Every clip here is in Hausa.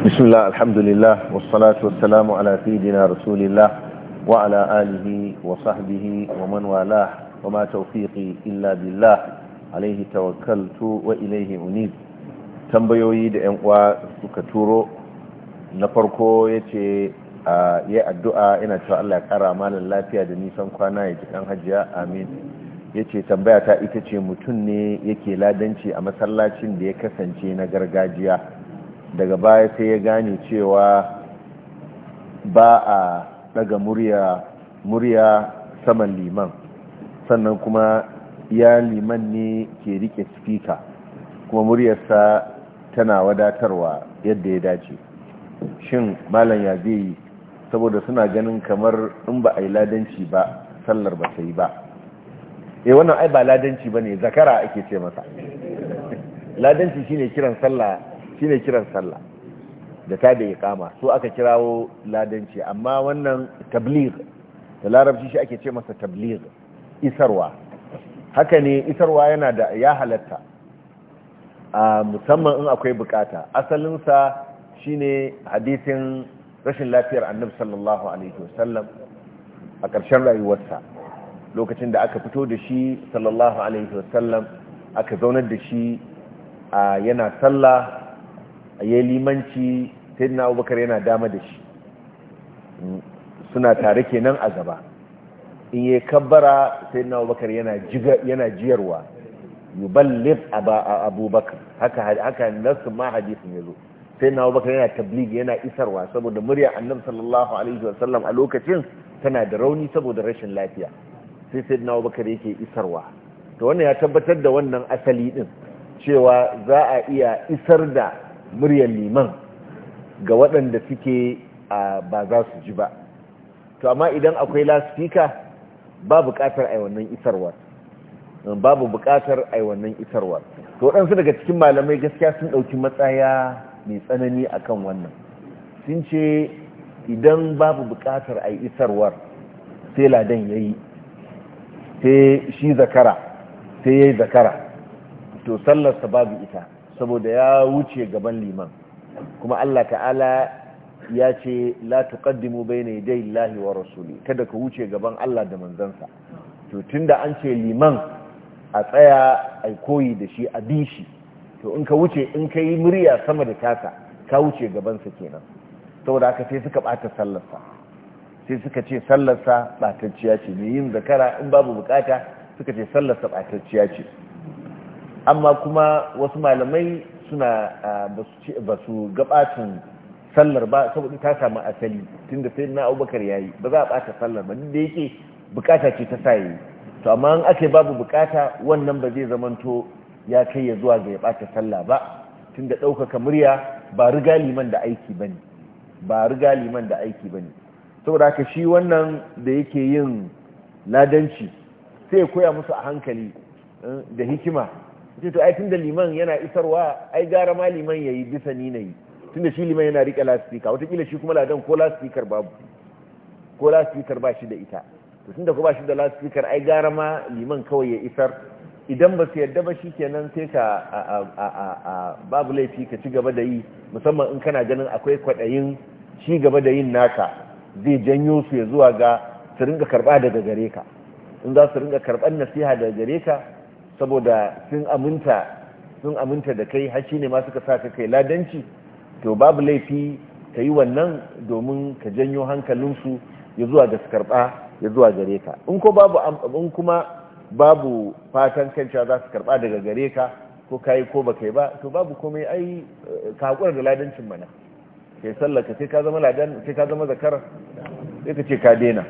بسم الله الحمد لله والصلاة والسلام على سيدنا رسول الله وعلى آله وصحبه ومن والاه وما توفيقي إلا بالله عليه توكلت وإليه أنيب tambayoyi da 'yan سكتورو نفركو يتي يا الدعاء إن شاء الله addu'a yana cewa Allah ya kara malin lafiya da nisan kwana ya tambaya ta ita ce mutum ne yake ladanci a masallacin da ya kasance na gargajiya daga baya sai ya gane cewa ba a daga murya murya saman liman sannan kuma ya liman ne ke rike spika kuma muryarsa tana wadatarwa yadda ya dace shin malam ya zai yi saboda suna ganin kamar in ba a yi ladanci ba sallar ba ta ba eh wannan ai ba ladanci ba ne zakara ake ce masa ladanci shine kiran sallah shi ne kiran sallah da ta da ikama so aka kirawo ladanci amma wannan tabligh da larabci shi ake ce masa tabligh isarwa haka ne isarwa yana da ya halatta a musamman in akwai bukata asalinsa shine hadisin rashin lafiyar annabi sallallahu alaihi wasallam a ƙarshen rayuwarsa lokacin da aka fito da shi sallallahu alaihi wasallam aka zaunar da shi yana sallah A yi limanci sai na abubakar yana dama da shi suna tare kenan a gaba in yi kabbara na abubakar yana jiyarwa a abubakar haka nasu ma ya zo sai na abubakar yana tabligi yana isarwa saboda murya annabi sallallahu alaihi wasallam a lokacin tana da rauni saboda rashin lafiya sai sai na abubakar yake isarwa to wannan ya tabbatar da wannan asali din cewa za a iya isar da muryar liman ga waɗanda suke a ba za su ji ba to amma idan akwai lasifika ba buƙatar a wannan isarwar babu buƙatar a wannan isarwar to waɗansu daga cikin malamai gaskiya sun ɗauki matsaya mai tsanani akan wannan sun ce idan babu buƙatar a isarwar sai ladan ya yi sai shi zakara sai ya yi zakara to sallarsa babu ita saboda ya wuce gaban liman kuma Allah ta'ala ya ce la tuqaddimu bayna yaday Allahi wa rasuli kada ka wuce gaban Allah da manzansa to tunda an ce liman a tsaya ai koyi da shi a bi shi to in ka wuce in ka murya sama da kasa ka wuce gabansa kenan saboda haka sai suka bata sallarsa sai suka ce sallarsa batacciya ce mai yin zakara in babu bukata suka ce sallarsa batacciya ce amma kuma wasu malamai suna ba su gabatun sallar ba saboda ta samu asali tun da sai na abubakar ya yi ba za a bata sallar ba da yake bukata ce ta saye to amma an ake babu bukata wannan ba zai zamanto ya kai ya zuwa ga ya bata sallar ba tun da ɗaukaka murya ba riga liman da aiki ba ba riga liman da aiki ba saboda haka shi wannan da yake yin ladanci sai ya koya musu a hankali eh, da hikima ce to ai tunda liman yana isarwa ai gara ma liman yayi bisa ni nayi tunda shi liman yana rike lastika watakila shi kuma ladan ko lasfikar babu ko lastikar ba shi da ita to tunda ko ba shi da lastikar ai gara ma liman kawai ya isar idan ba su yarda ba shi shikenan sai ka a babu laifi ka ci gaba da yi musamman in kana ganin akwai kwaɗayin ci gaba da yin naka zai janyo su ya zuwa ga su ringa karba daga gare ka in za su ringa karɓar nasiha daga gare ka saboda sun aminta sun aminta da kai har shine ma suka saka kai ladanci to babu laifi ka yi wannan domin ka janyo hankalinsu ya zuwa ga karɓa ya zuwa gare ka in ko babu in kuma babu fatan kancewa za su karba daga gare ka ko ka yi ko ba kai ba to babu komai ai ka haƙura da ladancin mana kai sallaka sai ka zama ladan sai ka zama zakar sai ka ce ka daina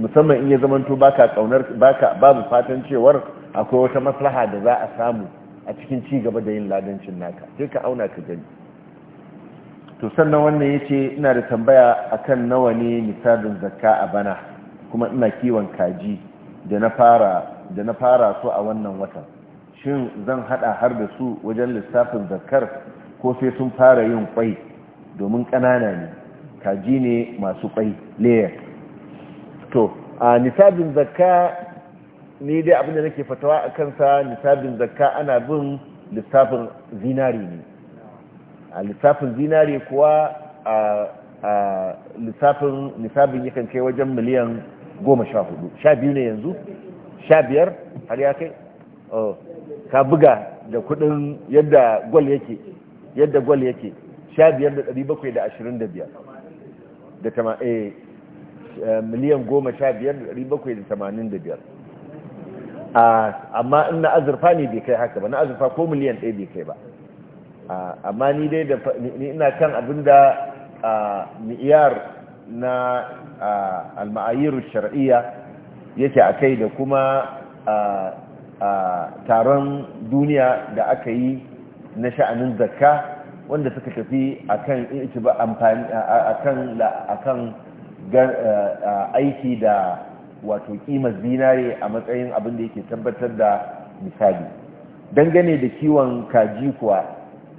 musamman in ya zamanto baka kaunar baka babu fatan cewar akwai wata maslaha da za a samu a cikin ci gaba da yin ladancin naka sai ka auna ka gani to sannan wannan yace ina da tambaya akan nawa ne misalin zakka a bana kuma ina kiwon kaji da na fara su a wannan watan shin zan hada har da su wajen lissafin zakkar ko sai sun fara yin kwai domin ƙanana ne kaji ne masu kwai layer to a nisabin zakka ni dai abin da nake fatawa a kansa lissafin zakka ana bin lissafin zinari ne a lissafin zinari kuwa a lissafin lissafin yakan kai wajen miliyan goma sha hudu sha biyu ne yanzu sha biyar har ya kai oh, ka buga da kudin yadda gwal yake yadda gwal yake sha biyar da ɗari bakwai da ashirin da biyar da eh, miliyan goma sha biyar da ɗari bakwai da tamanin da biyar amma in na azurfa ne bai kai haka ba na azurfa ko miliyan ɗaya bai kai ba amma ni dai da ni ina kan abin da ni'iyar na alma'ayiru shar'iyya yake a kai da kuma taron duniya da aka yi na sha'anin zakka wanda suka tafi a kan amfani a kan aiki da wato kimar zinare a matsayin abin da yake tabbatar da misali dangane da kiwon kaji kuwa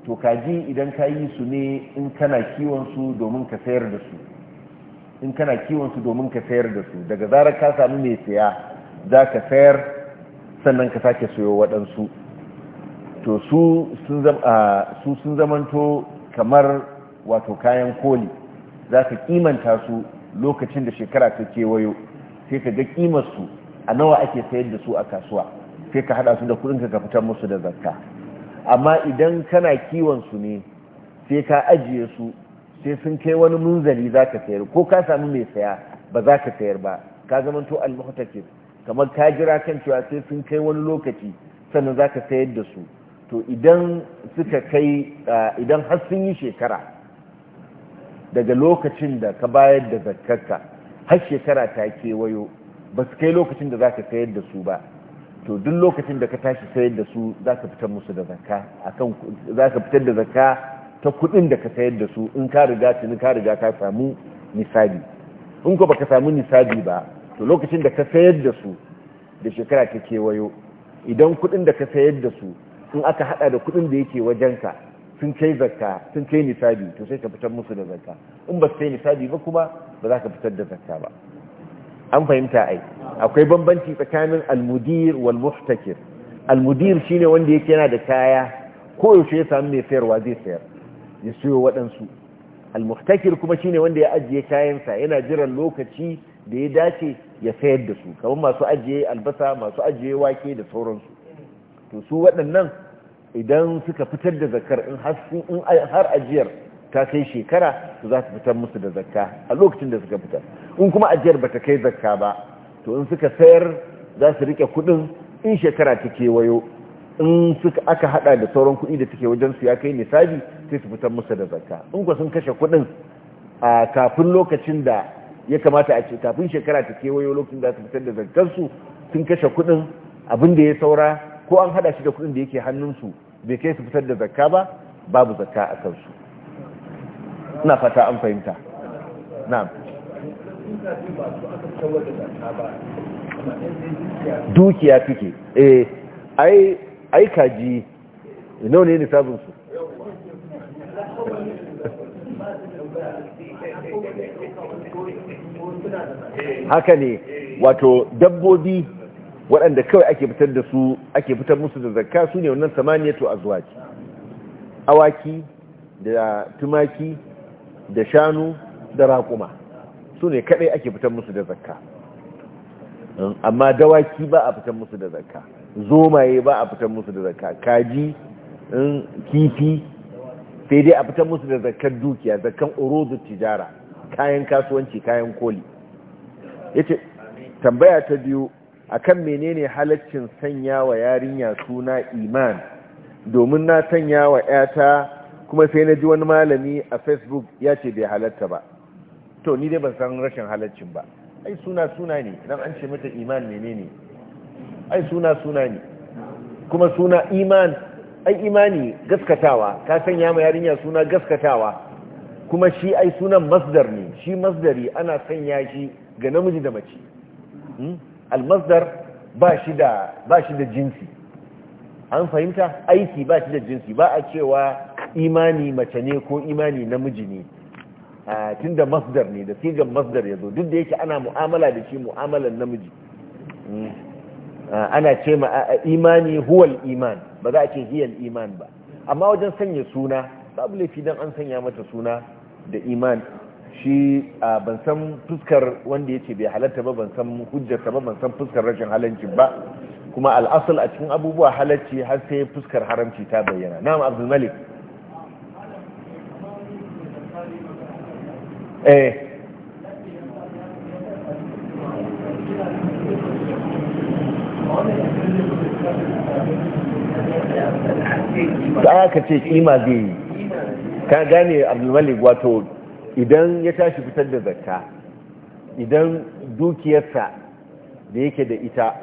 to kaji idan ka yi su ne in kana kiwon su domin ka sayar da su in kana kiwon su domin ka sayar da su daga zarar ka samu mai saya za ka sayar sannan ka sake soyo waɗansu to su sun zamanto kamar wato kayan koli za ka kimanta su lokacin da shekara ta kewayo sai ka ga kimar su a nawa ake sayar da su a kasuwa sai ka hada su da kudin ka fitar musu da zakka amma idan kana kiwon su ne sai ka ajiye su sai sun kai wani munzali ka sayar ko ka samu mai saya ba za ka sayar ba ka zamanto to muhtakir kamar ka jira kan cewa sai sun kai wani lokaci sannan za ka sayar da su to idan suka kai idan har sun yi shekara daga lokacin da ka bayar da zakkarka har shekara ta kewayo ba su kai lokacin da za ka sayar da su ba to duk lokacin da ka tashi sayar da su za ka fitar musu da zakka akan za ka fitar da zakka ta kuɗin da ka sayar da su in ka riga tuni ka riga ka samu nisabi in ko baka samu nisabi ba to lokacin da ka sayar da su da shekara ta kewayo idan kuɗin da ka sayar da su in aka hada da kuɗin da yake wajenka sun kai zakka sun kai nisabi to sai ka fitar musu da zaka in ba su kai nisabi ba kuma ba za ka fitar da zakka ba an fahimta ai akwai bambanci tsakanin almudir wal muhtakir almudir shine wanda yake yana da kaya ko yaushe ya samu mai sayarwa zai sayar ya siyo waɗansu almuhtakir kuma shine wanda ya ajiye kayansa yana jiran lokaci da ya dace ya sayar da su kamar masu ajiye albasa masu ajiye wake da sauransu to su waɗannan idan suka fitar da zakar in har ajiyar ta kai shekara to za su fitar musu da zakka a lokacin da suka fitar in kuma ajiyar ba ta kai zakka ba to in suka sayar za su rike kudin in shekara ta kewayo in suka aka hada da sauran kudi da take wajen su ya kai nisabi sai su fitar musu da zakka in ku sun kashe kudin a kafin lokacin da ya kamata a ce kafin shekara ta kewayo lokacin da su fitar da zakkar su sun kashe kudin abin da ya saura ko an hada shi da kudin da yake hannun su bai kai su fitar da zakka ba babu zakka a kansu ina fata an fahimta na'am dukiya kike eh ai ai kaji nawa ne nisabin su haka ne wato dabbobi waɗanda kawai ake fitar da su ake fitar musu da zakka su ne wannan to azwaji awaki da tumaki da shanu da raƙuma su ne kaɗai ake fitan musu da zakka amma dawaki ba a fitan musu da zakka zomaye ba a fitan musu da zakka kaji kifi sai dai a fitan musu da zakkan dukiya zakkan urudu tijara kayan kasuwanci kayan koli yace tambaya ta biyu akan menene halaccin sanya wa yarinya suna iman domin na sanya wa 'yata kuma sai na ji wani malami a facebook ya ce bai halatta ba to ni dai ban san rashin halaccin ba ai suna suna ne nan an ce mata iman menene ai suna suna ne kuma suna iman ai imani gaskatawa ka sanya ma yarinya suna gaskatawa kuma shi ai sunan masdar ne shi masdari ana sanya shi ga namiji da mace hmm? almasdar ba shi da ba shi da jinsi an fahimta aiki ba shi da jinsi ba a cewa imani mace ne ko imani namiji ne tun da masdar ne da sigan masdar ya zo duk da yake ana mu'amala da shi mu'amalan namiji mm. ana ce ma imani huwal iman ba za a ce hiyal iman ba amma wajen sanya suna babu laifi don an sanya mata suna da iman shi ban san fuskar wanda yace ce bai halatta ba ban san hujjarsa ba ban san fuskar rashin halancin ba kuma al'asul a cikin abubuwa halarci har sai fuskar haramci ta bayyana na'am abdulmalik. eh ta ka ce kima zai yi ka gane abdulmalik wato idan ya tashi fitar da zakka idan dukiyarsa da yake da ita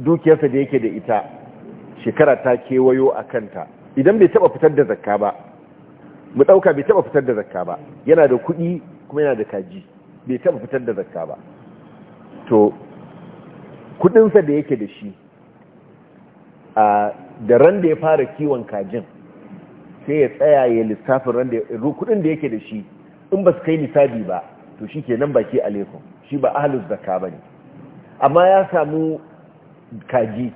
dukiyarsa da yake da ita shekara ta kewayo a kanta idan bai taba fitar da zakka ba mu ɗauka bai taba fitar da zakka ba yana da kuɗi kuma yana da kaji bai taɓa fitar da zakka ba to kuɗinsa da yake da shi a da ran da ya fara kiwon kajin sai ya tsaya ya lissafin ran da kuɗin da yake da shi in ba su kai nisabi ba to shi ke nan baki alaikum shi ba ahalus zakka ba ne amma ya samu kaji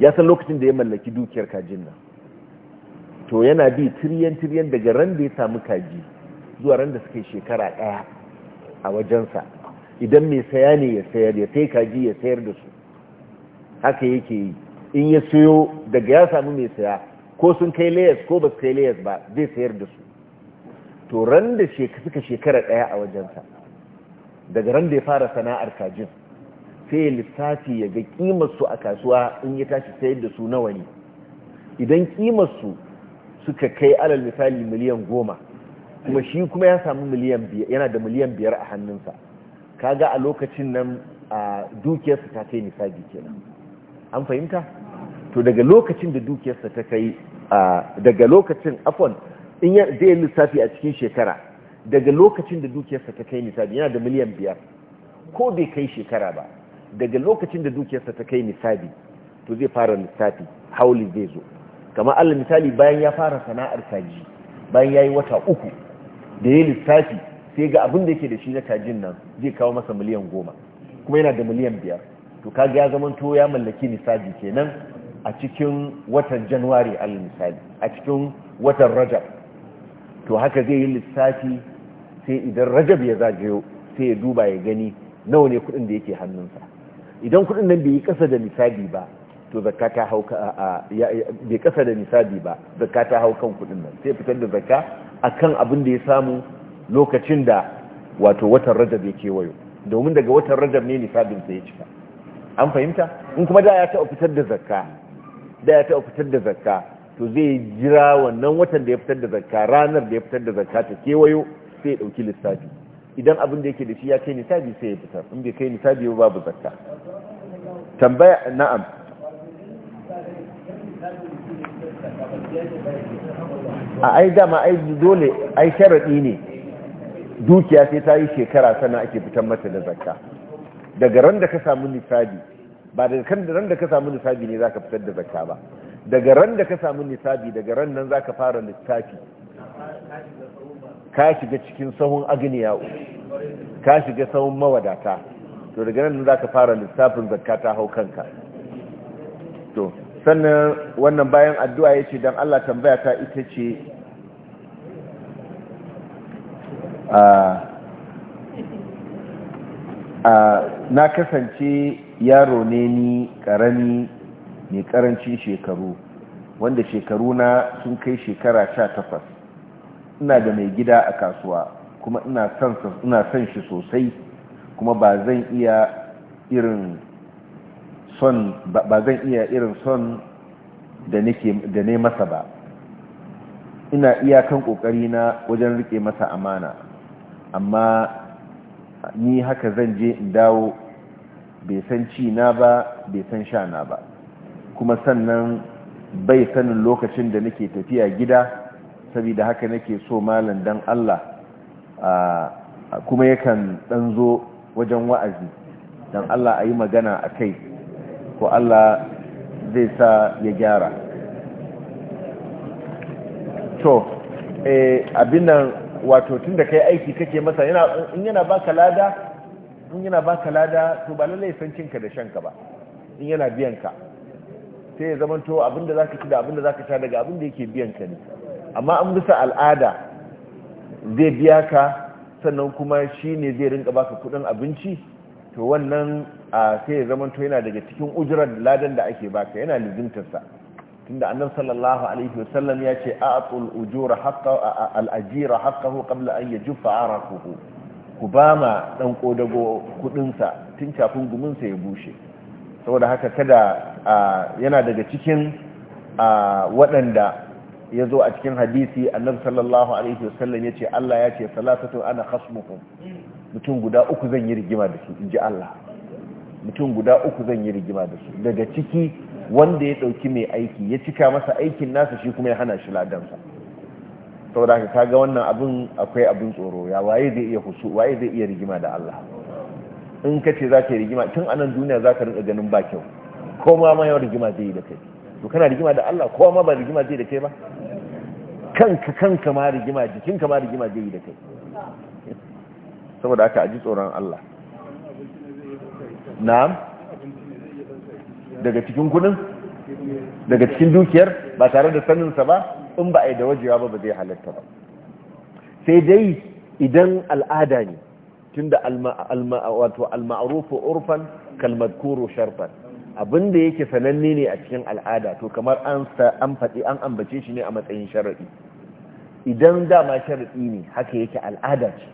ya san lokacin da ya mallaki dukiyar kajin nan to yana bi tiriyan tiriyan daga ran da ya samu kaji zuwa ran da suke shekara ɗaya a wajensa idan mai saya ne ya sayar ya sai kaji ya sayar da su haka yake yi in ya sayo daga ya samu mai saya ko sun kai layas ko ba su kai layas ba zai sayar da su to ran da suka shekara ɗaya a wajensa daga ran da ya fara sana'ar kajin sai ya lissafi ya ga kimarsu a kasuwa in ya tashi sayar da su nawa ne idan kimarsu suka kai alal misali miliyan goma kuma shi kuma ya samu miliyan biyar yana da miliyan biyar a hannunsa kaga a lokacin nan a dukiyarsa ta kai misali kenan an fahimta to daga lokacin da dukiyarsa ta kai daga lokacin afon in ya zai lissafi a cikin shekara daga lokacin da dukiyarsa ta kai misali yana da miliyan biyar ko bai kai shekara ba daga lokacin da dukiyarsa ta kai misali to zai fara lissafi hauli zai zo kamar allah misali bayan ya fara sana'ar kaji bayan ya yi wata uku da ya lissafi sai ga abin da yake da shi na kajin nan zai kawo masa miliyan goma kuma yana da miliyan biyar to kaga ya zama to ya mallaki nisabi kenan a cikin watan january allah misali a cikin watan rajab to haka zai yi lissafi sai idan rajab ya zage sai ya duba ya gani nawa ne kuɗin da yake hannunsa idan kuɗin nan bai yi ƙasa da misali ba to zakka ta hau bai kasa da nisabi ba zakka ta hau kan kudin nan sai fitar da zakka akan abin da ya samu lokacin da wato watan rajab yake kewayo domin daga watan rajab ne nisabin sai ya cika an fahimta in kuma da ya taɓa fitar da zakka da ya taɓa fitar da zakka to zai jira wannan watan da ya fitar da zakka ranar da ya fitar da zakka ta kewayo sai ya ɗauki lissafi idan abin da yake da shi ya kai nisabi sai ya fitar in bai kai nisabi ba babu zakka tambaya na'am a ai dama ai dole ai sharadi ne dukiya sai ta yi shekara sana ake fitan mata da zakka daga ran da ka samu nisabi ba daga kan ran da ka samu nisabi ne zaka fitar da zakka ba daga ran da ka samu nisabi daga ran nan zaka fara littafi ka shiga cikin sahun agniya ka shiga sahun mawadata to daga nan zaka fara lissafin zakka ta hau kanka to sannan wannan bayan addu'a ya ce don Allah tambaya ta ita ce na kasance yaro ne ni karami mai karancin shekaru wanda shekaru na sun kai shekara sha takwas ina da mai gida a kasuwa kuma ina son shi sosai kuma ba zan iya irin son ba zan iya irin son da ne masa ba ina iyakan kokari na wajen rike masa amana amma ni haka zan je in dawo bai san ci na ba bai san sha na ba kuma sannan bai sanin lokacin da nake tafiya gida saboda haka nake so malam dan Allah kuma yakan dan zo wajen wa'azi dan Allah a yi magana a kai ko Allah zai sa ya gyara to eh abin nan wato da kai aiki kake masa yana in yana baka lada in yana baka lada to ba lalle san cinka da shanka ba in yana biyan ka sai ya zama to abinda zaka ci da abinda zaka sha daga abinda yake biyan ka ne amma an bisa al'ada zai biya ka sannan kuma shine zai rinka baka kudin abinci to wannan a sai ya zama to yana daga cikin ujurar ladan da ake baka yana lizimtarsa tunda annab sallallahu alaihi wasallam ya ce a'atul ujura haqqa al-ajira haqqahu qabla an yajfa arakuhu ku ba ma dan kodago kudin sa tun kafin gumin sa ya bushe saboda haka kada yana daga cikin waɗanda ya zo a cikin hadisi annab sallallahu alaihi wasallam ya ce Allah ya ce salatatu ana khasmukum mutum guda uku zan yi rigima da su in ji Allah mutum guda uku zan yi rigima da su daga ciki wanda ya ɗauki mai aiki ya cika masa aikin nasa shi kuma ya hana shi ladansa sau da ka ga wannan abin akwai abin tsoro ya waye zai iya husu waye zai iya rigima da Allah in ka ce za ka yi rigima tun anan duniya za ka rinka ganin ba kyau ko ma ma yau rigima zai yi da kai to kana rigima da Allah ko ma ba rigima zai da kai ba kanka kanka ma rigima jikinka ma rigima zai yi da kai saboda aka aji tsoron Allah na daga cikin kudin daga cikin dukiyar ba tare da saninsa ba in ba a yi da wajewa ba ba zai halatta ba sai dai idan al'ada ne tun wato alma'arufu urfan kalmadkuru sharfan abinda yake sananne ne a cikin al'ada to kamar an faɗi an ambace shi ne a matsayin sharaɗi idan dama sharaɗi ne haka yake al'ada ce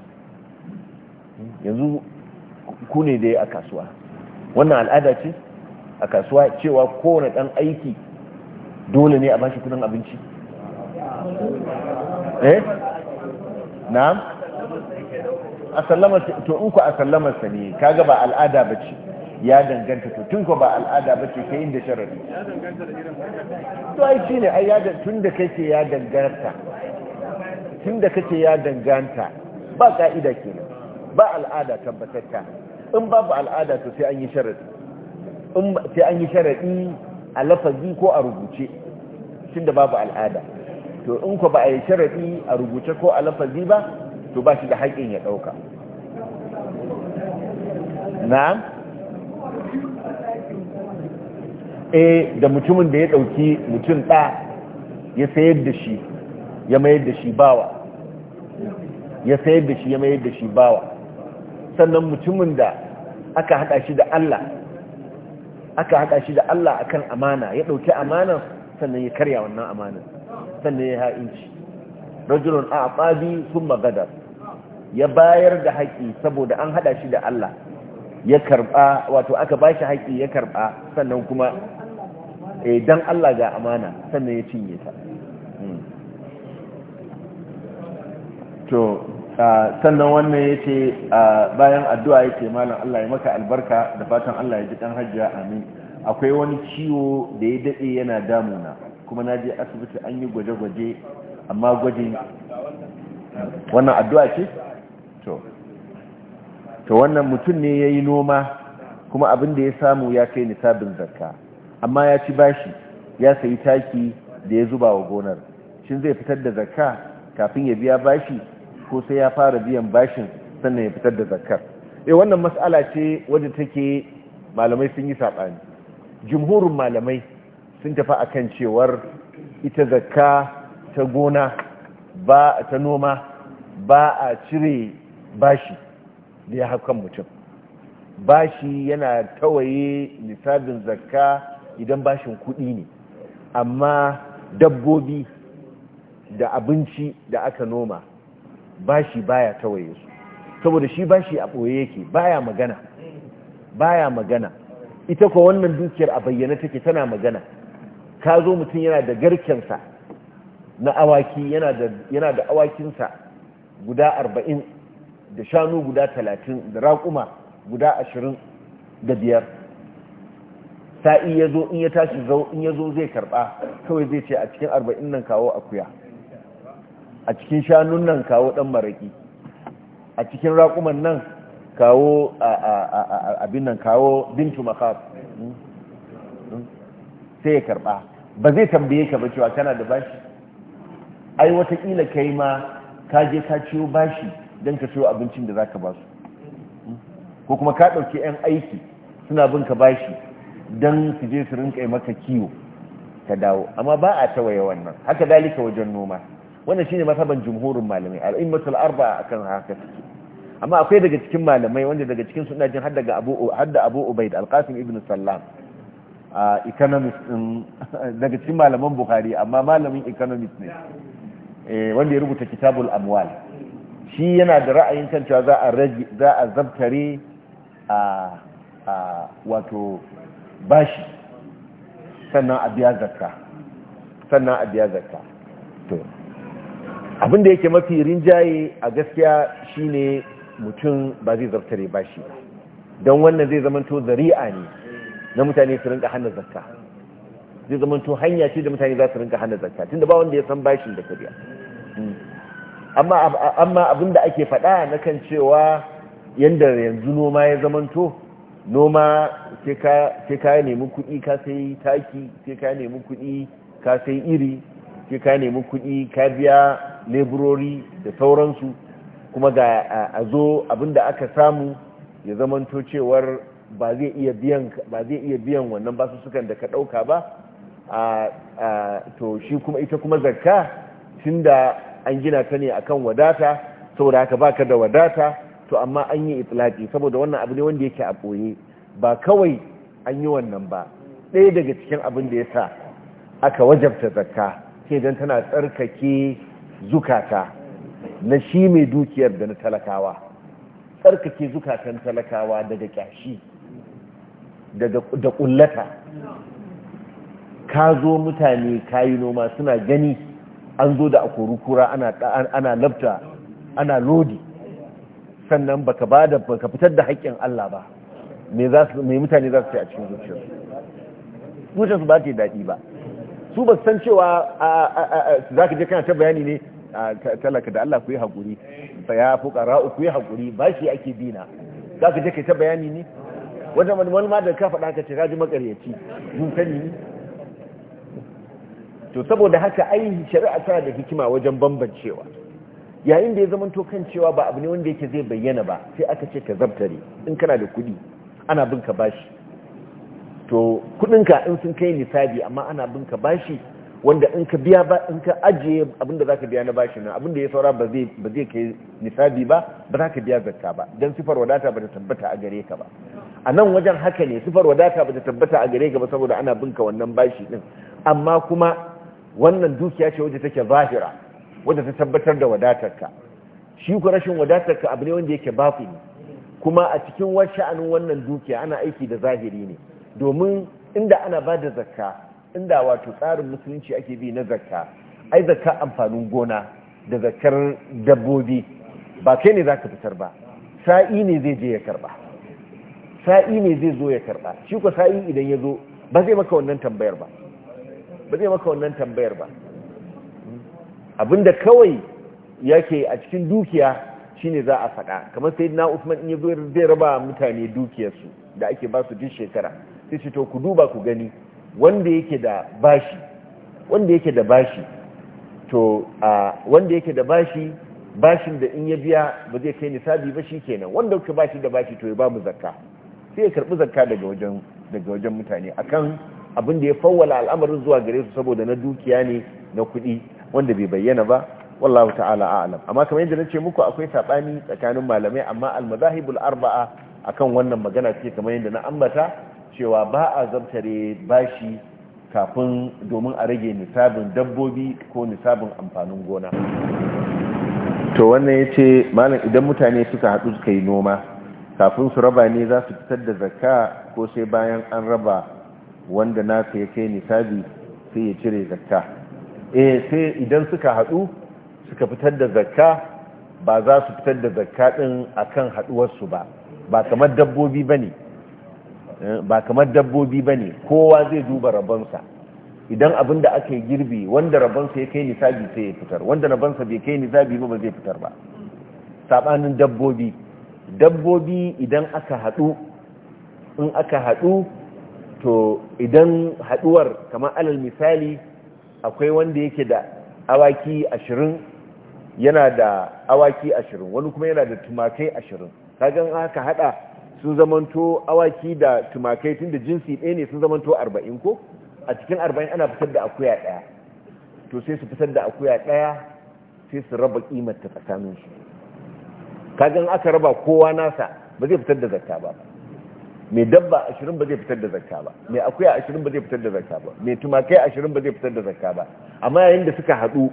yanzu ku ne dai a kasuwa wannan al'ada ce a kasuwa cewa kowane dan aiki dole ne a bashi kudin abinci eh na'am a sallamar to in ku a sallama sa ne kaga ba al'ada ba ce, ya danganta to tun ku ba al'ada bace kai inda sharadi to ai shine ai ya tun da kake ya danganta tun da kake ya danganta ba ka'ida kenan ba al'ada tabbatacca in babu al'ada to sai an yi sharadi in sai an yi sharadi a lafazi ko a rubuce tunda babu al'ada to in ko ba a yi sharadi a rubuce ko a lafazi ba to ba shi da haƙƙin ya ɗauka na e eh, da mutumin da ya ɗauki mutum ɗa ya sayar da shi ya mayar da shi bawa ya sayar da shi ya mayar da shi bawa sannan mutumin da aka haɗa shi da Allah aka haɗa shi da Allah akan amana ya ɗauki amanan sannan ya karya wannan amanan sannan ya ha'inci rajulun a aqabi thumma ya bayar da haƙi saboda an haɗa shi da Allah ya karɓa wato aka ba shi haƙi ya karɓa sannan kuma eh, dan Allah ga amana sannan ya cinye ta hmm. to sannan wannan ya ce bayan addu'a ya ce malam Allah ya maka albarka da fatan Allah ya ji ɗan hajjiya amin akwai wani ciwo da ya daɗe yana damuna kuma na je asibiti an yi gwaje-gwaje amma gwajin wannan addu'a ce? to wannan mutum ne ya yi noma kuma abin da ya samu ya kai nisabin zakka amma ya ci bashi ya sayi taki da ya zuba wa gonar shin zai fitar da zakka kafin ya biya bashi ko sai ya fara biyan bashin sannan ya fitar da zakar eh wannan mas'ala ce wadda take malamai sun yi sabani jumhurin malamai sun tafi akan cewar ita zakka ta gona ba ta noma ba a cire bashi da ya hakan mutum bashi yana tawaye nisabin zakka idan bashin kuɗi ne amma dabbobi da abinci da aka noma bashi baya tawaye su saboda shi bashi a ɓoye yake baya magana baya magana ita ko wannan dukiyar a bayyana take tana magana ka zo mutum yana da garkensa na awaki yana da awakinsa guda arba'in da shanu guda talatin da raƙuma guda ashirin da biyar sa'i ya zo in ya tashi zo in ya zo zai karɓa kawai zai ce a cikin arba'in nan kawo akuya a cikin shanun nan kawo ɗan maraƙi a cikin raƙuman nan kawo abin nan kawo bintu makaf hmm? hmm? sai ya karɓa ba zai tambaye ka ba cewa kana da bashi ai watakila kai ma ka je ka ciyo bashi don ka ciyo abincin da za ka ba su hmm? ko kuma ka ɗauki 'yan aiki suna bin ka bashi don su je su rinka maka kiwo ka dawo amma ba a tawaye wannan haka dalika wajen noma wannan shine mazhaban jumhurin malamai al'immatul arba akan haka take amma akwai daga cikin malamai wanda daga cikin ina jin har daga Abu har da Abu Ubaid al-Qasim ibn Sallam a economist din daga cikin malaman Bukhari amma malamin economist ne eh wanda ya rubuta kitabul amwal shi yana da ra'ayin kan cewa za a raji za a zabtare a a wato bashi sannan a biya zakka sannan a biya zakka abin da yake mafi rinjaye a gaskiya shine mutum ba zai zartare ba shi don wannan zai zamanto zari'a ne na mutane su rinka hannun zakka zai zamanto hanya ce da mutane za su rinka hannun zakka da ba wanda ya san bashin da kariya amma abin da ake faɗa na kan cewa yadda yanzu noma ya zamanto noma sai ka nemi kuɗi ka sai taki sai ka nemi kuɗi ka sai iri sai ka nemi kuɗi ka biya leburori da sauransu kuma ga a zo abinda aka samu ya zamanto cewar ba zai iya biyan ba zai iya wannan da ka dauka ba a to shi kuma ita kuma zakka tinda an gina ta ne akan wadata saboda haka baka da wadata to amma an yi itilaki saboda wannan abu ne wanda yake a ɓoye ba kawai an yi wannan ba ɗaya daga cikin abin da ya sa aka wajabta zakka sai don tana tsarkake zukata na shi mai dukiyar da na talakawa tsarkake zukatan talakawa daga kyashi da kullata ka zo mutane kayi noma suna gani an zo da akorukura ana labta ana lodi sannan baka ba da baka fitar da haƙƙin Allah ba mai mutane za su ce a cikin zuciyarsu zuciyarsu ba ta yi daɗi ba su ba su san cewa za ka je kana ta bayani ne talaka da Allah ku yi haƙuri ya fuƙara ku yi haƙuri ba shi ake dina za ka je ka ta bayani ne wata wani ma da ka faɗa ka ce kaji makaryaci mun sani ne to saboda haka ai shari'a tana da hikima wajen bambancewa yayin da ya zama to kan cewa ba abu ne wanda yake zai bayyana ba sai aka ce ka zabtare in kana da kuɗi ana bin ka bashi to kudinka in sun kai nisabi amma ana bin ka bashi wanda in ka biya ba in ka ajiye abinda zaka biya na bashi abin abinda ya saura ba zai kai nisabi ba ba za ka biya zakka ba dan sifar wadata ba ta tabbata a gare ka ba a nan wajen haka ne sifar wadata ba ta tabbata a gare ka ba saboda ana bin ka wannan bashi din amma kuma wannan dukiya ce wadda take zahira wadda ta tabbatar da wadatarka shi ku rashin wadatarka abu ne wanda yake bafi ne kuma a cikin sha'anin wannan dukiya ana aiki da zahiri ne domin inda ana ba da zakka inda wato tsarin musulunci ake bi na zakka ai zakka amfanin gona da zakkar dabbobi ba kai ne za ka fitar ba sa'i ne zai je ya karba sa'i ne zai zo ya karba shi ko sa'i idan ya zo ba zai maka wannan tambayar ba ba zai maka wannan tambayar ba abinda kawai yake a cikin dukiya shine za a faɗa kamar sai na usman in ya zo zai raba mutane dukiyarsu da ake ba su duk shekara sai ce to ku duba ku gani wanda yake da bashi wanda yake da bashi to wanda yake da bashi bashin da in ya biya ba zai kai nisabi ba shi kenan wanda yake bashi da bashi to ya ba mu zakka sai ya karbi zakka daga wajen daga wajen mutane akan abin da ya fawwala al'amarin zuwa gare su saboda na dukiya ne na kuɗi wanda bai bayyana ba wallahu ta'ala a'lam amma kamar yadda nace muku akwai sabani tsakanin malamai amma al-madahibul arba'a akan wannan magana ce kamar yadda na ambata cewa ba a zabtare bashi kafin domin a rage nisabin dabbobi ko nisabin amfanin gona to wannan ya ce malam idan mutane suka haɗu suka yi noma kafin su raba ne za su fitar da zakka ko sai bayan an raba wanda nasa ya kai nisabi sai ya cire zakka eh sai idan suka haɗu suka fitar da zakka ba za su fitar da zakka ɗin akan haɗuwarsu ba ba kamar dabbobi ba ne ba kamar dabbobi ba ne kowa zai duba rabonsa idan abin da aka yi girbi wanda rabonsa ya kai nisabi sai ya fitar wanda rabonsa bai kai nisabi ba zai fitar ba saɓanin dabbobi dabbobi idan aka haɗu in aka haɗu to idan haɗuwar kamar alal misali akwai wanda yake da awaki ashirin yana da awaki ashirin wani kuma yana da tumakai ashirin kagan aka haɗa sun zamanto awaki da tumakai tun da jinsi ɗaya ne sun zamanto arba'in ko a cikin arba'in ana fitar da akuya ɗaya to sai su fitar da akuya ɗaya sai su raba ƙimar ta su kagan aka raba kowa nasa ba zai fitar da zakka ba mai dabba ashirin ba zai fitar da zakka ba mai akuya ashirin ba zai fitar da zakka ba mai tumakai ashirin ba zai fitar da zakka ba amma yayin da suka haɗu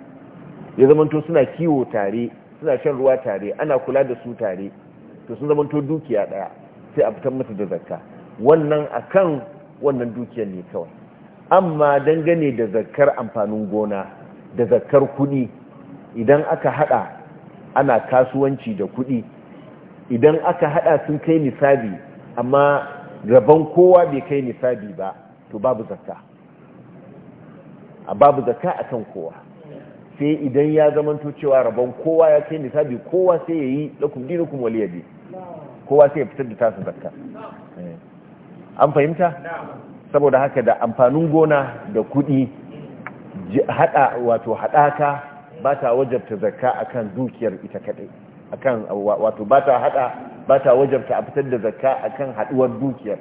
ya zamanto suna kiwo tare suna shan ruwa tare ana kula da su tare to sun zamanto dukiya ɗaya sai a fitar masa da zakka wannan akan wannan dukiyar ne kawai amma dangane da zakkar amfanin gona da zakkar kudi idan aka hada ana kasuwanci da kudi idan aka hada sun kai nisabi amma rabon kowa bai kai nisabi ba to babu zakka a babu zakka akan kowa sai idan ya zamanto cewa rabon kowa ya kai nisabi kowa sai yayi lakum dinukum waliyadi kowa sai ya fitar da tasu zakka eh. an fahimta saboda haka da amfanin gona da kudi hada wato hadaka ba ta wajabta zakka akan dukiyar ita kadai akan wato ba ta hada ba ta wajabta a fitar da zakka akan haduwar dukiyar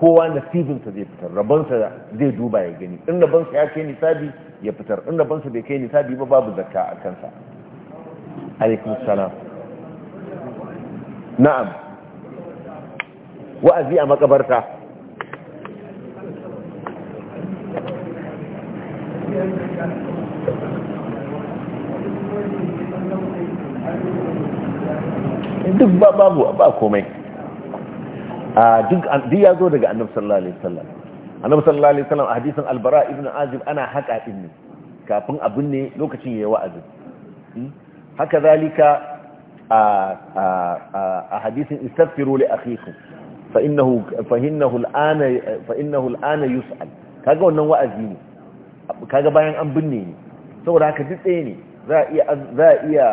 kowa nasibinsa zai fitar rabonsa zai duba ya gani in rabonsa ya kai nisabi ya fitar in rabonsa bai kai nisabi ba babu zakka a kansa alaikum salam na'am wa'azi a makabarta duk babu ba komai a duk ya zo daga annab sallallahu alaihi wasallam annab sallallahu alaihi wasallam a hadisin albara ibn azib ana haka din kafin abin ne lokacin yayi wa'azi hmm? haka zalika a a a hadisin istaghfiru li akhikum فإنه, فإنه, الآن فإنه الآن يسأل kaga wannan wa'azi ne kaga bayan an binne ne saboda haka duk ne za a iya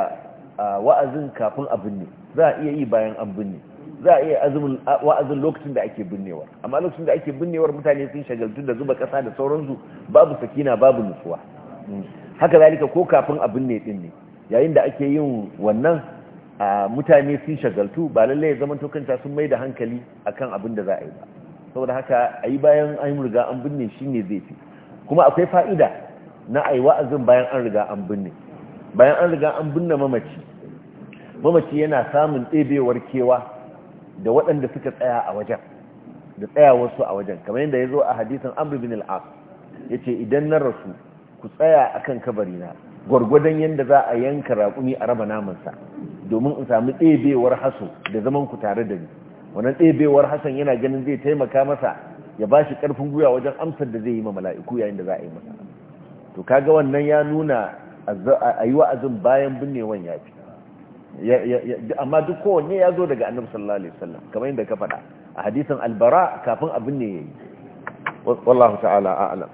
wa'azin kafin a binne za a iya yi bayan an binne za a iya azumin wa'azin lokacin da ake binnewa amma lokacin da ake binnewar mutane sun shagaltu da zuba kasa da sauransu babu sakina babu nutsuwa haka zalika ko kafin a binne din ne yayin da ake yin wannan mutane sun shagaltu ba lallai ya zamanto kanta sun mai da hankali akan abin da za a yi ba saboda haka a yi bayan an riga an binne shine zai fi kuma akwai fa'ida na ayi wa'azin bayan an riga an binne bayan an riga an binne mamaci mamaci yana samun ɗebewar kewa da waɗanda suka tsaya a wajen da tsayawarsu a wajen kamar yadda ya zo a hadisan amr bin al'as ya ce idan na rasu ku tsaya akan kan kabarina gwargwadon yadda za a yanka raƙumi a raba namansa domin in sami ɗebewar haso da zaman ku tare da ni wannan ɗebewar hasan yana ganin zai taimaka masa ya ba shi ƙarfin gwiwa wajen amsar da zai yi ma mala'iku yayin da za a yi masa to kaga wannan ya nuna a yi wa'azin bayan binnewan ya fi amma duk kowanne ya zo daga annabi sallallahu alaihi wasallam kamar yadda ka faɗa a hadisin albara kafin abin ne yayi wallahu ta'ala a'lam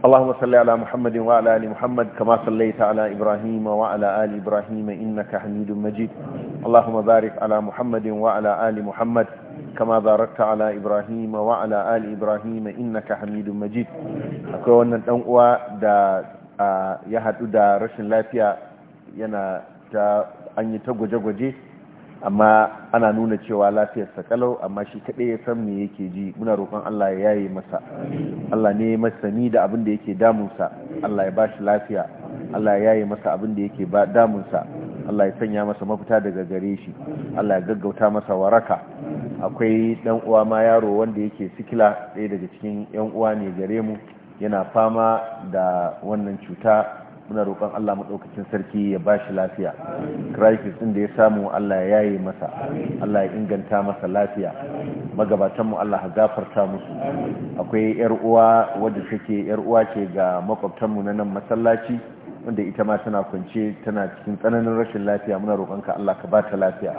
اللهم صل على محمد وعلى ال محمد كما صليت على ابراهيم وعلى ال ابراهيم انك حميد مجيد اللهم بارك على محمد وعلى ال محمد كما باركت على ابراهيم وعلى ال ابراهيم انك حميد مجيد akwai wannan dan uwa da ya hadu da rashin lafiya yana ta an yi ta gwaje-gwaje amma ana nuna cewa lafiyar sakalau amma shi kaɗai ya san me yake ji muna roƙon Allah ya yaye masa Allah ne masani da abin da yake damunsa Allah ya bashi lafiya Allah ya yaye masa abin da yake damunsa Allah ya sanya masa mafita daga gare shi Allah ya gaggauta masa waraka akwai dan uwa ma yaro wanda yake sikila ɗaya daga cikin yan uwa ne gare mu yana fama da wannan cuta muna roƙon Allah maɗaukacin sarki ya ba shi lafiya crisis ɗin da ya samu Allah ya yaye masa Allah ya inganta masa lafiya magabatanmu Allah ha gafarta musu akwai yar uwa wadda take yar uwa ce ga makwabtanmu na nan masallaci wanda ita ma tana kwance tana cikin tsananin rashin lafiya muna roƙonka Allah ka ba ta lafiya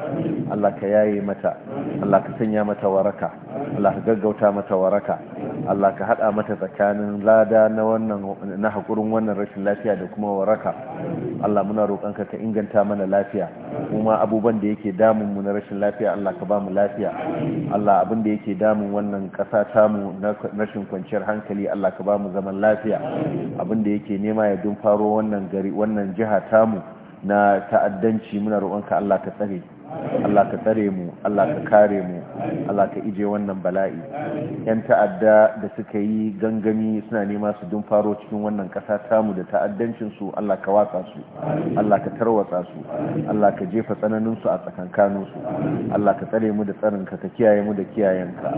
Allah ka yaye mata Allah ka sanya mata waraka Allah ka gaggauta mata waraka Allah ka hada mata tsakanin lada na wannan na hakurin wannan rashin lafiya da kuma waraka Allah muna roƙon ka inganta mana lafiya kuma abubuwan da yake damun mu na rashin lafiya Allah ka ba mu lafiya Allah abin da yake damun wannan ƙasa tamu na rashin kwanciyar hankali Allah ka ba mu zaman lafiya abin da yake nema ya dun faro wannan gari wannan jiha tamu na ta'addanci muna ka Allah ka tsare Allah ka tsare mu Allah ka kare mu Allah ka ije wannan bala'i yan ta'adda da suka yi gangami suna nema su dun faro cikin wannan ƙasa tamu da ta'addancin Allah ka watsa su Allah ka tarwatsa su Allah ka jefa tsananin su a tsakankanin su Allah ka tsare mu da tsarin ka ka kiyaye mu da kiyayenka ka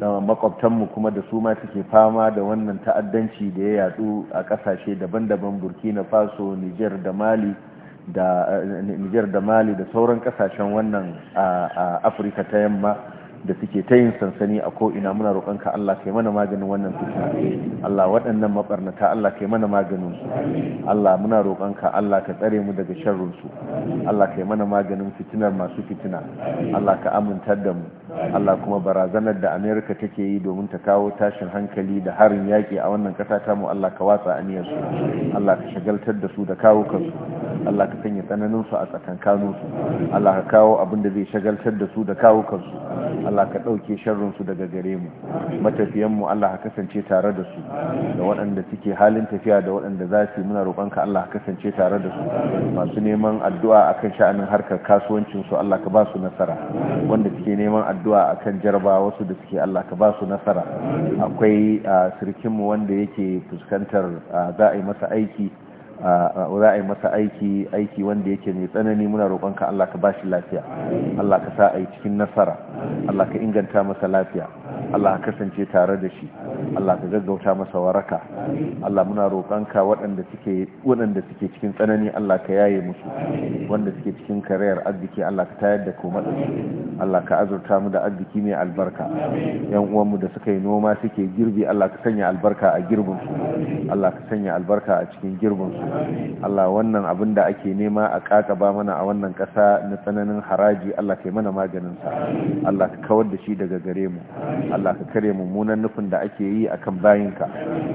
kama makwabtan mu kuma da su ma suke fama da wannan ta'addanci da ya yatsu a ƙasashe daban-daban Burkina Faso Niger da Mali da eh, niger da mali da sauran kasashen wannan afirka ta yamma da suke ta yin sansani a ko'ina muna roƙonka Allah kai mana maganin wannan fitna Allah waɗannan maɓarnata Allah kai mana maganin su Allah muna roƙonka Allah ka tsare mu daga sharrin su Allah kai mana maganin fitinar masu fitina Allah ka amintar da mu Allah kuma barazanar da Amerika take yi domin ta kawo tashin hankali da harin yaki a wannan ƙasa ta mu Allah ka watsa aniyar su Allah ka shagaltar da su da kawo kansu Allah ka sanya tsananin su a tsakankanin su Allah ka kawo abin da zai shagaltar da su da kawo kansu Allah ka ɗauke sharrinsu daga gare mu matafiyanmu Allah ka kasance tare da su da waɗanda suke halin tafiya da waɗanda za su muna roƙonka Allah ka kasance tare da su masu neman addu'a akan sha'anin harkar kasuwancin su Allah ka ba su nasara wanda suke neman addu'a akan jarba wasu da suke Allah ka ba su nasara akwai ah, sirkinmu wanda yake fuskantar ah, za a yi masa aiki za a yi masa aiki aiki wanda yake mai tsanani muna roƙonka Allah ka bashi lafiya Allah ka sa a yi cikin nasara Allah ka inganta masa lafiya Allah ka kasance tare da shi Allah ka gaggauta masa waraka Allah muna roƙonka waɗanda suke waɗanda suke cikin tsanani Allah ka yaye musu wanda suke cikin karayar arziki Allah ka tayar da koma Allah ka azurta mu da arziki mai albarka yan uwanmu da suka yi noma suke girbi Allah ka sanya albarka a girbin su Allah ka sanya albarka a cikin girbin su Allah wannan abin da ake nema a ba mana a wannan ƙasa na tsananin haraji Allah yi mana maganin sa Allah ka kawar da shi daga gare mu Allah ka kare mummunan nufin da ake yi akan bayinka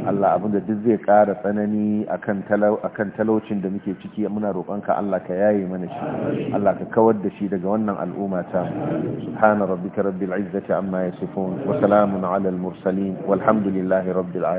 Allah abin da duk zai ƙara tsanani akan talau akan talaucin da muke ciki muna roƙonka Allah ka yaye mana shi Allah ka kawar da shi daga wannan al'umma ta subhana rabbika rabbil izzati amma yasifun wa salamun ala al mursalin walhamdulillahi rabbil alamin